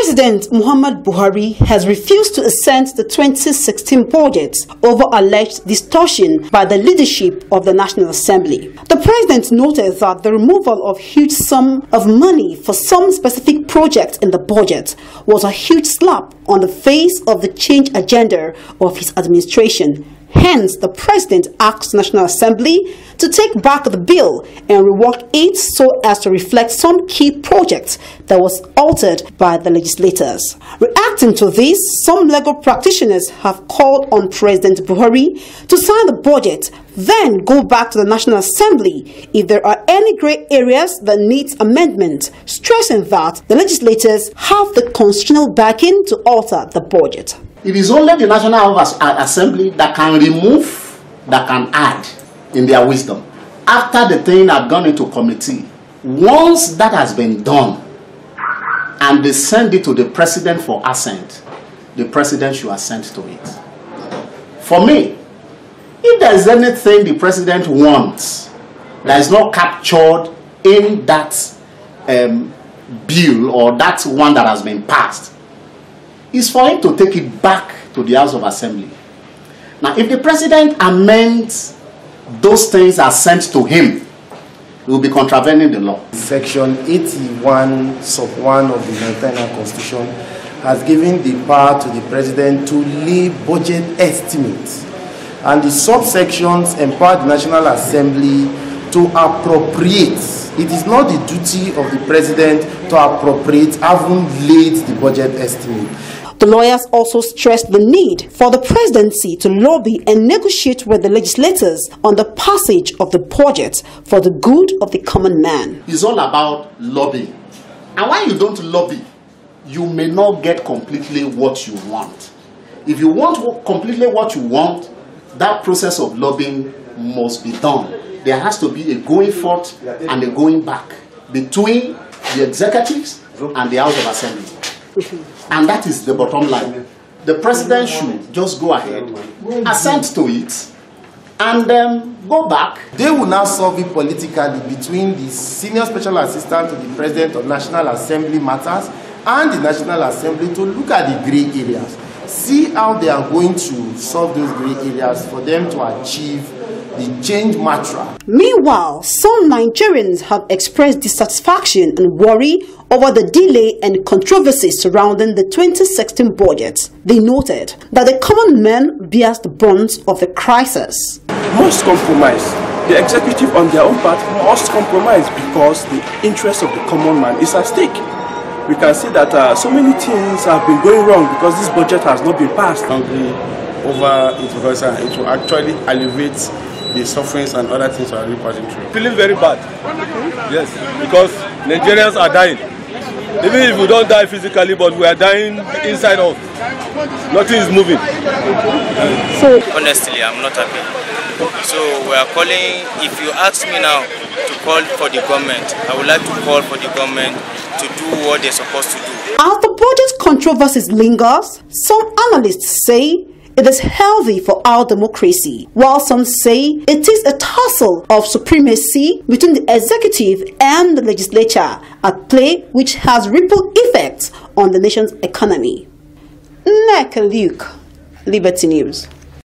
President Muhammad Buhari has refused to assent the 2016 budget over alleged distortion by the leadership of the National Assembly. The president noted that the removal of huge sum of money for some specific project in the budget was a huge slap on the face of the change agenda of his administration Hence, the President asked National Assembly to take back the bill and rework it so as to reflect some key projects that was altered by the legislators. Reacting to this, some legal practitioners have called on President Buhari to sign the budget, then go back to the National Assembly if there are any grey areas that needs amendment, stressing that the legislators have the constitutional backing to alter the budget. It is only the National Assembly that can remove, that can add in their wisdom. After the thing have gone into committee, once that has been done and they send it to the president for assent, the president should assent to it. For me, if there is anything the president wants that is not captured in that um, bill or that one that has been passed, is for him to take it back to the House of Assembly. Now, if the president amends those things are sent to him, it will be contravening the law. Section 81, sub 1 of the Nigerian Constitution has given the power to the president to leave budget estimates. And the subsections empower the National Assembly to appropriate. It is not the duty of the president to appropriate, having laid the budget estimate. The lawyers also stressed the need for the presidency to lobby and negotiate with the legislators on the passage of the project for the good of the common man. It's all about lobbying. And when you don't lobby, you may not get completely what you want. If you want completely what you want, that process of lobbying must be done. There has to be a going forth and a going back between the executives and the House of Assembly. And that is the bottom line. The president should just go ahead, assent to it, and then um, go back. They will now solve it politically between the senior special assistant to the president of National Assembly matters and the National Assembly to look at the grey areas. See how they are going to solve those grey areas for them to achieve the change mantra. Meanwhile, some Nigerians have expressed dissatisfaction and worry over the delay and controversy surrounding the 2016 budget. They noted that the common man bears the brunt of the crisis. Must compromise. The executive on their own part must compromise because the interest of the common man is at stake we can see that uh, so many things have been going wrong because this budget has not been passed. over it because uh, it will actually alleviate the sufferings and other things are really passing through. Feeling very bad. Yes, because Nigerians are dying. Even if we don't die physically, but we are dying inside out. Nothing is moving. So honestly, I'm not happy. So we are calling. If you ask me now to call for the government, I would like to call for the government to do what they're supposed to do. As the budget controversies lingers, some analysts say it is healthy for our democracy, while some say it is a tussle of supremacy between the executive and the legislature at play which has ripple effects on the nation's economy. Nick Luke, Liberty News.